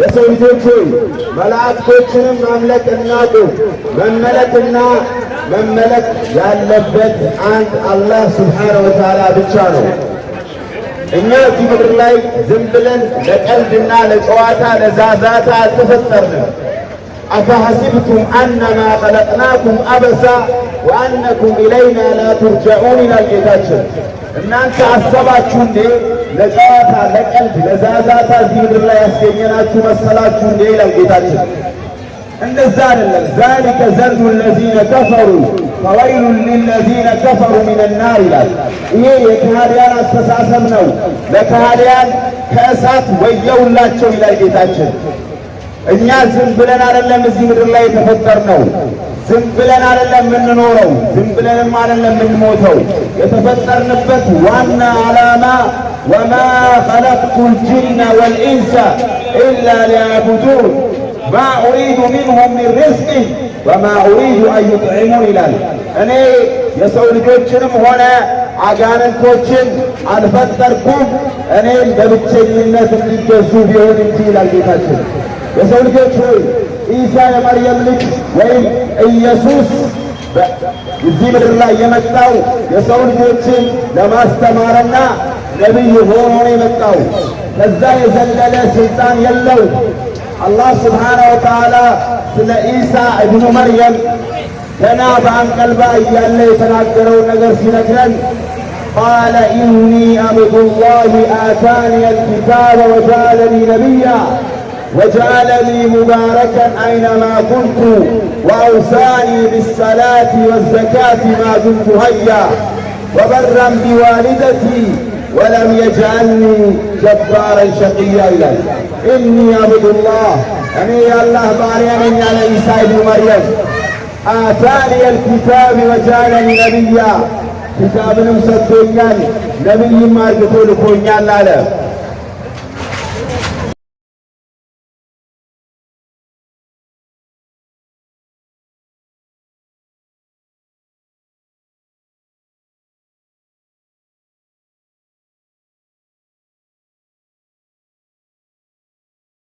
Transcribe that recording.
የሰው ልጆች ሆይ መላእክቶችንም ማምለክ እናቁ። መመለክና መመለክ ያለበት አንድ አላህ ስብሓነሁ ወተዓላ ብቻ ነው። እኛ እዚህ ምድር ላይ ዝም ብለን ለቀልድና ለጨዋታ ለዛዛታ አልተፈጠርንም። አፈሐሲብቱም አነማ ኸለቅናኩም አበሳ ወአነኩም ኢለይና ላ ቱርጀዑን ይላል ጌታችን። እናንተ አሰባችሁ እንዴ ለጨዋታ ለቀልድ፣ ለዛዛታ እዚህ ምድር ላይ ያስገኘናችሁ መሰላችሁ እንዴ? ይላል ጌታችን። እንደዛ አይደለም። ዛሊከ ዘንዱ ለዚነ ከፈሩ ፈወይሉ ሊለዚነ ከፈሩ ሚንናር ይላል። ይሄ የከሃዲያን አስተሳሰብ ነው። ለከሃዲያን ከእሳት ወየውላቸው ይላል ጌታችን። እኛ ዝም ብለን አይደለም እዚህ ምድር ላይ የተፈጠርነው። ዝም ብለን አይደለም የምንኖረው። ዝም ብለንም አይደለም የምንሞተው። የተፈጠርንበት ዋና ዓላማ ወማ ኸለቅቱ ልጅነ ወልኢንሰ ኢላ ሊያቡዱን ማ ኡሪዱ ሚንሁም ሚን ሪዝቅን ወማ ኡሪዱ አን ዩጥዕሙን ይላል። እኔ የሰው ልጆችንም ሆነ አጋንንቶችን አልፈጠርኩም እኔም በብቸኝነት እንዲገዙ ቢሆን እንጂ ይላል ጌታችን። የሰው ልጆች ሆይ ኢሳ የመርየም ልጅ ወይም ኢየሱስ እዚህ ምድር ላይ የመጣው የሰው ልጆችን ለማስተማርና نبي هوني متاو نزاي زلزال سلطان يلو الله سبحانه وتعالى سل عيسى ابن مريم لنا بان قلبا يالله يتناكرون نجر سنكرن قال اني عبد الله اتاني الكتاب وجعلني نبيا وجعلني مباركا اينما كنت واوصاني بالصلاه والزكاه ما دمت هيا وبرا بوالدتي ولم يجعلني جبارا شقيا إلا إني عبد الله أمي يعني الله باري أمي على عيسى بن مريم آتاني الكتاب وجعلني نبيا كتاب مسدويا نبي ما يقول كونيا لا